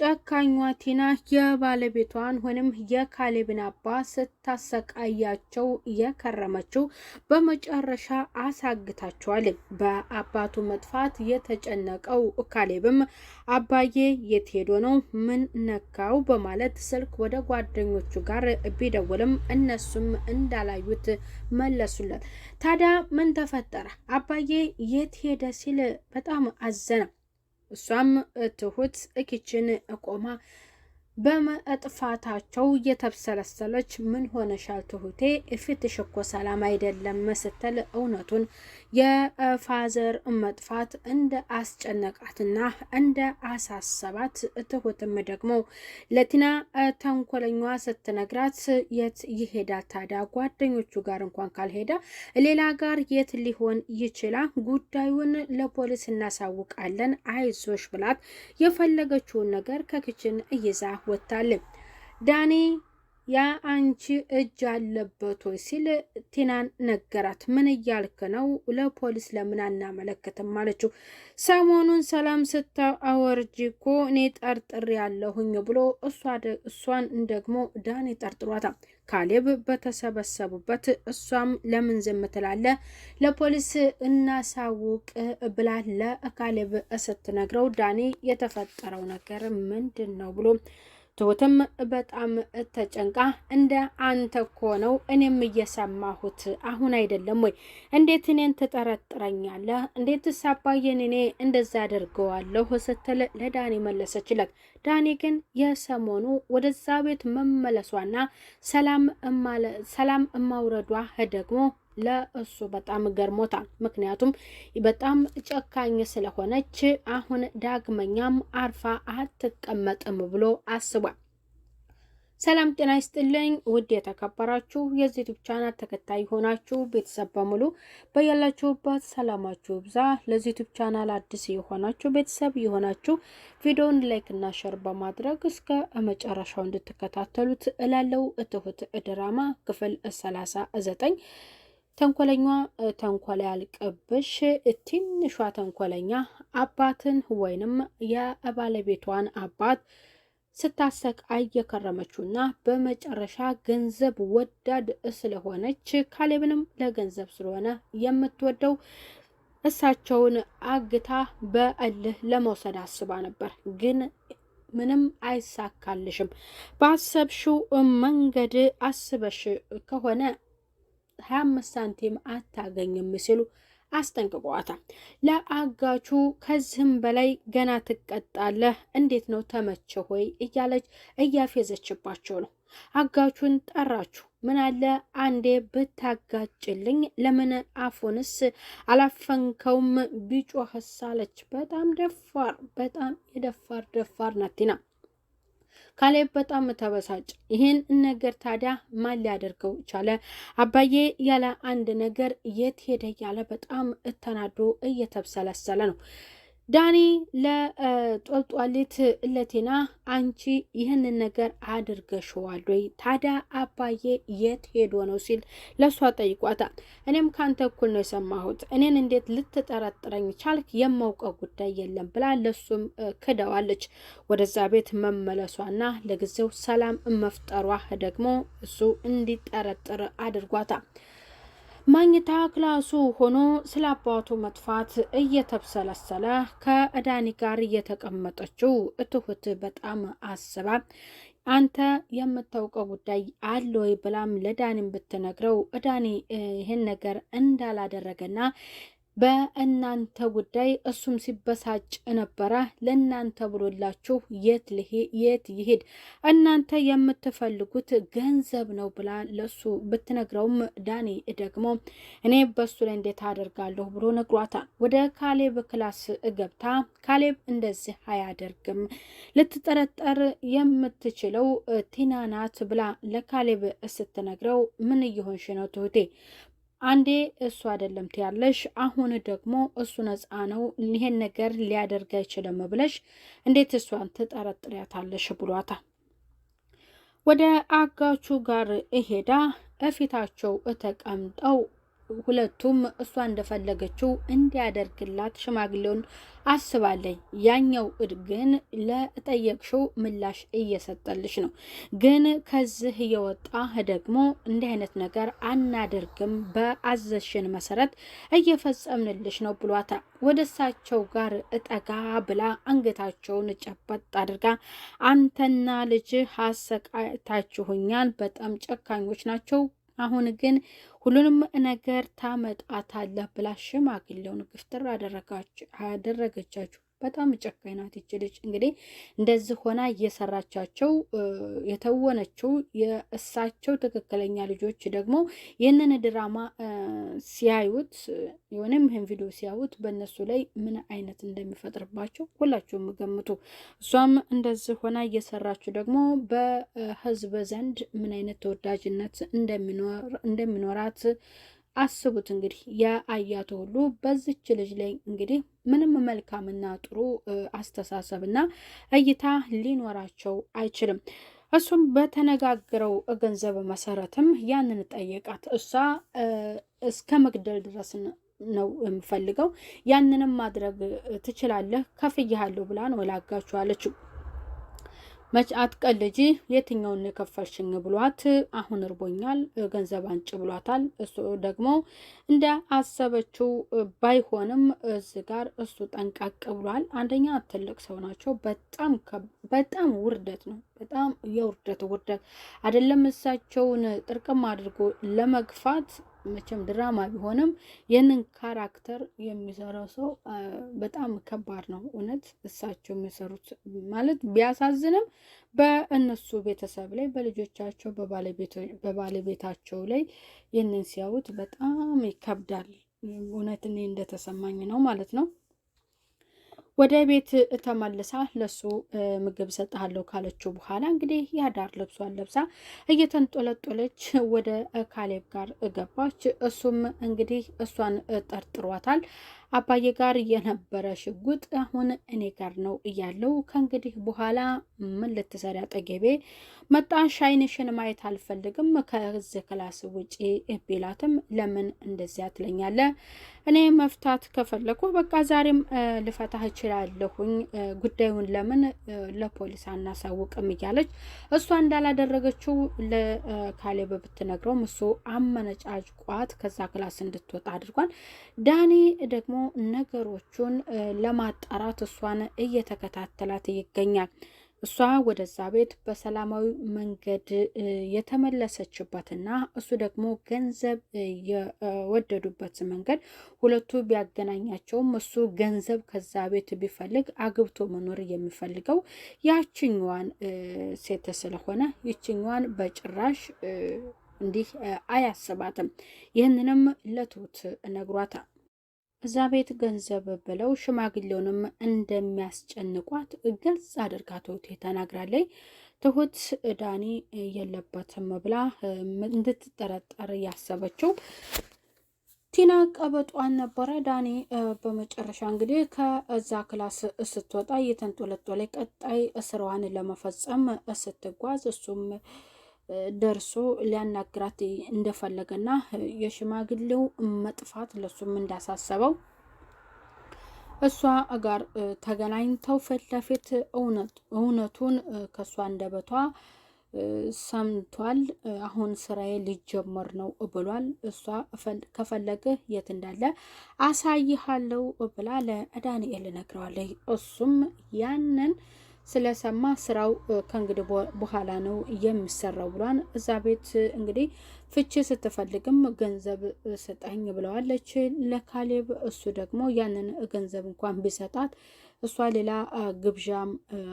ጨካኟ ቲና የባለቤቷን ወይም የካሌብን አባት ስታሰቃያቸው የከረመችው በመጨረሻ አሳግታቸዋል። በአባቱ መጥፋት የተጨነቀው ካሌብም አባዬ የት ሄዶ ነው? ምን ነካው? በማለት ስልክ ወደ ጓደኞቹ ጋር ቢደውልም እነሱም እንዳላዩት መለሱለት። ታዲያ ምን ተፈጠረ? አባዬ የት ሄደ? ሲል በጣም አዘነ። እሷም ትሁት እኪችን ቆማ በመጥፋታቸው እየተብሰለሰለች ምን ሆነሻል ትሁቴ፣ ፊትሽ እኮ ሰላም አይደለም ስትል እውነቱን የፋዘር መጥፋት እንደ አስጨነቃትና እንደ አሳሰባት ትሁትም ደግሞ ለቲና ተንኮለኛ ስትነግራት የት ይሄዳ ታዲያ ጓደኞቹ ጋር እንኳን ካልሄዳ ሌላ ጋር የት ሊሆን ይችላል? ጉዳዩን ለፖሊስ እናሳውቃለን አይዞሽ ብላት የፈለገችውን ነገር ከክችን እይዛ ወጥታለች። ዳኔ ያ አንቺ እጅ አለበት ወይ ሲል ቲናን ነገራት። ምን እያልክ ነው? ለፖሊስ ለምን አናመለክትም አለችው። ሰሞኑን ሰላም ስታወርጂ እኮ እኔ ጠርጥር ያለሁኝ ብሎ እሷን ደግሞ ዳኔ ጠርጥሯታል። ካሌብ በተሰበሰቡበት እሷም ለምን ዝም ትላለ? ለፖሊስ እናሳውቅ ብላ ለካሌብ ስትነግረው ዳኔ የተፈጠረው ነገር ምንድን ነው ብሎ ትሁትም በጣም ተጨንቃ እንደ አንተ እኮ ነው እኔም እየሰማሁት አሁን አይደለም ወይ? እንዴት እኔን ትጠረጥረኛለህ? እንዴትስ አባዬን እኔ እንደዛ አደርገዋለሁ ስትል ለዳኒ መለሰችለት። ዳኒ ግን የሰሞኑ ወደዛ ቤት መመለሷና ሰላም ማውረዷ ደግሞ ለእሱ በጣም ገርሞታል። ምክንያቱም በጣም ጨካኝ ስለሆነች አሁን ዳግመኛም አርፋ አትቀመጥም ብሎ አስቧል። ሰላም ጤና ይስጥልኝ ውድ የተከበራችሁ የዚህ ዩቱብ ቻናል ተከታይ የሆናችሁ ቤተሰብ በሙሉ በያላችሁበት ሰላማችሁ ብዛ። ለዚህ ዩቱብ ቻናል አዲስ የሆናችሁ ቤተሰብ የሆናችሁ ቪዲዮን ላይክ እና ሸር በማድረግ እስከ መጨረሻው እንድትከታተሉት እላለው። ትሁት ድራማ ክፍል ሰላሳ ዘጠኝ ተንኮለኛ ተንኮል ያልቅብሽ ትንሿ ተንኮለኛ አባትን ወይንም የባለቤቷን አባት ስታሰቃይ የከረመችውና በመጨረሻ ገንዘብ ወዳድ ስለሆነች ካሌብንም ለገንዘብ ስለሆነ የምትወደው እሳቸውን አግታ በእልህ ለመውሰድ አስባ ነበር ግን ምንም አይሳካልሽም። በአሰብሽው መንገድ አስበሽ ከሆነ ሀያ አምስት ሳንቲም አታገኝም ሲሉ አስጠንቅቋታል። ለአጋቹ ከዚህም በላይ ገና ትቀጣለህ፣ እንዴት ነው ተመቸ ሆይ እያለች እያፌዘችባቸው ነው። አጋቹን ጠራችሁ ምን አለ አንዴ ብታጋጭልኝ፣ ለምን አፉንስ አላፈንከውም ቢጮህስ አለች። በጣም ደፋር በጣም የደፋር ደፋር ናቲና ካሌብ በጣም ተበሳጭ። ይህን ነገር ታዲያ ማን ሊያደርገው ቻለ? አባዬ ያለ አንድ ነገር የት ሄደ? ያለ በጣም እተናዶ እየተብሰለሰለ ነው። ዳኒ ለጦልጧሊት እለቴና አንቺ ይህንን ነገር አድርገሽዋል ወይ ታዲያ አባዬ የት ሄዶ ነው ሲል ለእሷ ጠይቋታል። እኔም ከአንተ እኩል ነው የሰማሁት እኔን እንዴት ልትጠረጥረኝ ቻልክ? የማውቀው ጉዳይ የለም ብላ ለሱም ክደዋለች። ወደዛ ቤት መመለሷና ለጊዜው ሰላም መፍጠሯ ደግሞ እሱ እንዲጠረጥር አድርጓታል። ማኝታ ክላሱ ሆኖ ስለ አባቱ መጥፋት እየተብሰለሰለ ከዳኒ ጋር እየተቀመጠችው እትሁት በጣም አስባ አንተ የምታውቀው ጉዳይ አለ ወይ ብላም ለዳኒም ብትነግረው ዳኒ ይህን ነገር እንዳላደረገና በእናንተ ጉዳይ እሱም ሲበሳጭ ነበረ ለእናንተ ብሎላችሁ የት የት ይሄድ? እናንተ የምትፈልጉት ገንዘብ ነው ብላ ለሱ ብትነግረውም ዳኒ ደግሞ እኔ በሱ ላይ እንዴት አደርጋለሁ ብሎ ነግሯታል። ወደ ካሌብ ክላስ ገብታ ካሌብ እንደዚህ አያደርግም፣ ልትጠረጠር የምትችለው ቲና ናት ብላ ለካሌብ ስትነግረው ምን እየሆንሽ ነው ትሁቴ አንዴ እሱ አይደለም ትያለሽ፣ አሁን ደግሞ እሱ ነፃ ነው፣ ይሄን ነገር ሊያደርግ አይችልም ብለሽ እንዴት እሷን ትጠረጥሪያታለሽ? ብሏታ ወደ አጋቹ ጋር እሄዳ እፊታቸው ተቀምጠው ሁለቱም እሷ እንደፈለገችው እንዲያደርግላት ሽማግሌውን አስባለኝ። ያኛው ግን ለጠየቅሽው ምላሽ እየሰጠልሽ ነው። ግን ከዚህ እየወጣ ደግሞ እንዲህ አይነት ነገር አናደርግም፣ በአዘሽን መሰረት እየፈጸምንልሽ ነው ብሏታል። ወደ እሳቸው ጋር እጠጋ ብላ አንገታቸውን ጨበጥ አድርጋ አንተና ልጅ አሰቃይታችሁኛል፣ በጣም ጨካኞች ናቸው አሁን ግን ሁሉንም ነገር ታመጣታለህ ብላ ሽማግሌውን ግፍትር አደረገቻችሁ። በጣም ጨካኝ ናት ይች ልጅ። እንግዲህ እንደዚህ ሆና እየሰራቻቸው የተወነችው የእሳቸው ትክክለኛ ልጆች ደግሞ ይህንን ድራማ ሲያዩት የሆነም ይህን ቪዲዮ ሲያዩት በእነሱ ላይ ምን አይነት እንደሚፈጥርባቸው ሁላችሁም ገምቱ። እሷም እንደዚህ ሆና እየሰራችው ደግሞ በህዝብ ዘንድ ምን አይነት ተወዳጅነት እንደሚኖራት አስቡት እንግዲህ የአያቶ ሁሉ በዚች ልጅ ላይ እንግዲህ ምንም መልካምና ጥሩ አስተሳሰብና እይታ ሊኖራቸው አይችልም። እሱም በተነጋገረው ገንዘብ መሰረትም ያንን ጠየቃት። እሷ እስከ መግደል ድረስ ነው የምፈልገው፣ ያንንም ማድረግ ትችላለህ፣ ከፍያሃለሁ ብላን ወላጋችኋለችው። መች አትቀልጂ የትኛውን የከፈልሽኝ ብሏት አሁን እርቦኛል ገንዘብ አንጭ ብሏታል። እሱ ደግሞ እንደ አሰበችው ባይሆንም እዚ ጋር እሱ ጠንቀቅ ብሏል። አንደኛ ትልቅ ሰው ናቸው። በጣም በጣም ውርደት ነው። በጣም የውርደት ውርደት አይደለም እሳቸውን ጥርቅም አድርጎ ለመግፋት መቼም ድራማ ቢሆንም ይህንን ካራክተር የሚሰራው ሰው በጣም ከባድ ነው። እውነት እሳቸው የሚሰሩት ማለት ቢያሳዝንም በእነሱ ቤተሰብ ላይ በልጆቻቸው በባለቤታቸው ላይ ይህንን ሲያዩት በጣም ይከብዳል። እውነት እኔ እንደተሰማኝ ነው ማለት ነው። ወደ ቤት ተመልሳ ለሱ ምግብ ሰጥሃለሁ ካለችው በኋላ እንግዲህ የአዳር ልብሷን ለብሳ እየተንጦለጦለች ወደ ካሌብ ጋር ገባች። እሱም እንግዲህ እሷን ጠርጥሯታል። አባዬ ጋር የነበረ ሽጉጥ አሁን እኔ ጋር ነው እያለው ከእንግዲህ በኋላ ምን ልትሰሪ አጠገቤ መጣሽ? አይንሽን ማየት አልፈልግም ከዚህ ክላስ ውጪ ቢላትም ለምን እንደዚያ ትለኛለ እኔ መፍታት ከፈለኩ በቃ ዛሬም ልፈታህ እችላለሁኝ፣ ጉዳዩን ለምን ለፖሊስ አናሳውቅም እያለች እሷ እንዳላደረገችው ለካሌብ ብትነግረውም እሱ ቋት ከዛ ክላስ እንድትወጣ አድርጓል። ዳኒ ደግሞ ነገሮቹን ለማጣራት እሷን እየተከታተላት ይገኛል። እሷ ወደዛ ቤት በሰላማዊ መንገድ የተመለሰችበትና እሱ ደግሞ ገንዘብ የወደዱበት መንገድ ሁለቱ ቢያገናኛቸውም እሱ ገንዘብ ከዛ ቤት ቢፈልግ አግብቶ መኖር የሚፈልገው ያችኛዋን ሴት ስለሆነ ይችኛዋን በጭራሽ እንዲህ አያስባትም። ይህንንም ለትሁት ነግሯታል። እዛ ቤት ገንዘብ ብለው ሽማግሌውንም እንደሚያስጨንቋት ግልጽ አድርጋ ትሁት ተናግራለች። ትሁት ዳኒ የለበትም ብላ እንድትጠረጠር ያሰበችው ቲና ቀበጧን ነበረ። ዳኒ በመጨረሻ እንግዲህ ከዛ ክላስ ስትወጣ እየተንጦለጦለ ቀጣይ ስራዋን ለመፈጸም ስትጓዝ እሱም ደርሶ ሊያናግራት እንደፈለገና የሽማግሌው መጥፋት ለሱም እንዳሳሰበው እሷ ጋር ተገናኝተው ፊት ለፊት እውነቱን ከእሷ እንደበቷ ሰምቷል። አሁን ስራዬ ሊጀመር ነው ብሏል። እሷ ከፈለግህ የት እንዳለ አሳይሃለው ብላ ለዳንኤል ነግረዋለች። እሱም ያንን ስለሰማ ስራው ከእንግዲህ በኋላ ነው የሚሰራው ብሏን። እዛ ቤት እንግዲህ ፍቺ ስትፈልግም ገንዘብ ስጠኝ ብለዋለች ለካሌብ። እሱ ደግሞ ያንን ገንዘብ እንኳን ቢሰጣት እሷ ሌላ ግብዣም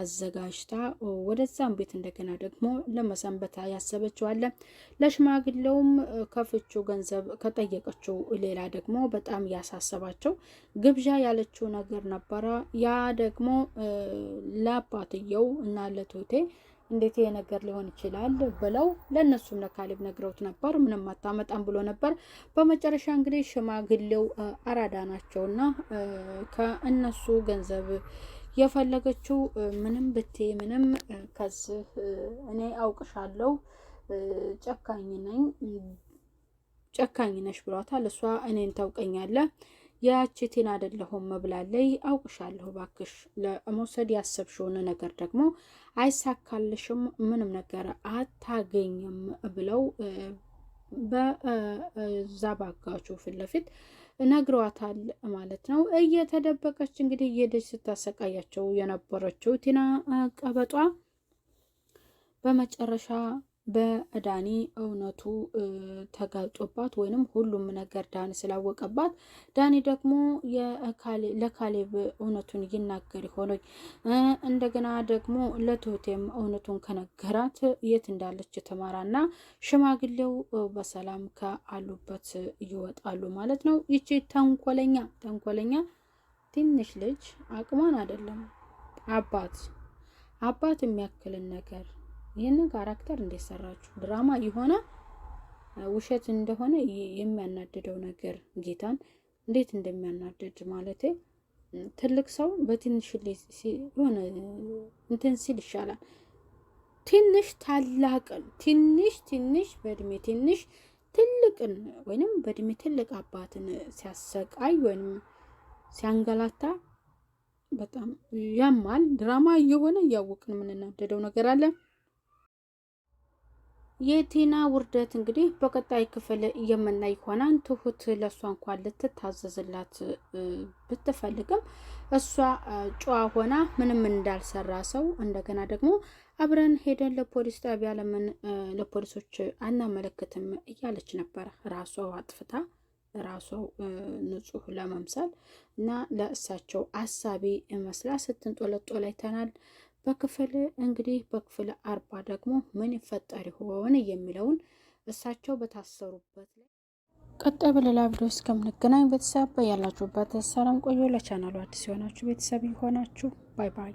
አዘጋጅታ ወደዛም ቤት እንደገና ደግሞ ለመሰንበት ያሰበችዋለ። ለሽማግሌውም ከፍቹ ገንዘብ ከጠየቀችው ሌላ ደግሞ በጣም ያሳሰባቸው ግብዣ ያለችው ነገር ነበረ። ያ ደግሞ ለአባትየው እና ለቶቴ እንዴት ይሄ ነገር ሊሆን ይችላል ብለው ለእነሱም ለካሌብ ነግረውት ነበር። ምንም አታመጣም ብሎ ነበር። በመጨረሻ እንግዲህ ሽማግሌው አራዳ ናቸውና ከእነሱ ገንዘብ የፈለገችው ምንም ብቴ ምንም ከዚህ እኔ አውቅሻለሁ፣ ጨካኝ ነኝ፣ ጨካኝ ነሽ ብሏታል። እሷ እኔን ታውቀኛለ ያቺ ቲና አይደለሁም ብላለች። አውቅሻለሁ፣ ባክሽ ለመውሰድ ያሰብሽውን ነገር ደግሞ አይሳካልሽም፣ ምንም ነገር አታገኝም ብለው በዛ ባጋቹ ፊት ለፊት ነግሯታል ማለት ነው። እየተደበቀች እንግዲህ እየሄደች ስታሰቃያቸው የነበረችው ቲና ቀበጧ በመጨረሻ በዳኒ እውነቱ ተጋልጦባት ወይንም ሁሉም ነገር ዳኒ ስላወቀባት ዳኒ ደግሞ ለካሌብ እውነቱን ይናገር ይሆነኝ እንደገና ደግሞ ለትሁቴም እውነቱን ከነገራት የት እንዳለች ተማራና ሽማግሌው በሰላም ከአሉበት ይወጣሉ ማለት ነው። ይቺ ተንኮለኛ ተንኮለኛ ትንሽ ልጅ አቅሟን አይደለም አባት አባት የሚያክልን ነገር ይህንን ካራክተር እንዴት ሰራችሁ? ድራማ የሆነ ውሸት እንደሆነ የሚያናድደው ነገር ጌታን እንዴት እንደሚያናድድ ማለት ትልቅ ሰው በትንሽ ሆነ እንትን ሲል ይሻላል። ትንሽ ታላቅ ትንሽ ትንሽ በእድሜ ትንሽ ትልቅን ወይንም በእድሜ ትልቅ አባትን ሲያሰቃይ ወይንም ሲያንገላታ በጣም ያማል። ድራማ እየሆነ እያወቅን የምንናደደው ነገር አለ። የቲና ውርደት እንግዲህ በቀጣይ ክፍል የምናይ ይሆናል። ትሁት ለእሷ እንኳን ልትታዘዝላት ብትፈልግም እሷ ጨዋ ሆና ምንም እንዳልሰራ ሰው እንደገና ደግሞ አብረን ሄደን ለፖሊስ ጣቢያ ለምን ለፖሊሶች አናመለክትም እያለች ነበረ ራሷ አጥፍታ ራሷ ንጹህ ለመምሰል እና ለእሳቸው አሳቢ መስላ ስትንጦለጦ ላይተናል። በክፍል እንግዲህ በክፍል አርባ ደግሞ ምን ይፈጠር ይሆን የሚለውን እሳቸው በታሰሩበት ላይ ቀጣይ በሌላ ቪዲዮ እስከምንገናኝ ቤተሰብ በያላችሁበት ሰላም ቆዩ። ለቻናሉ አዲስ የሆናችሁ ቤተሰብ ይሆናችሁ። ባይ ባይ።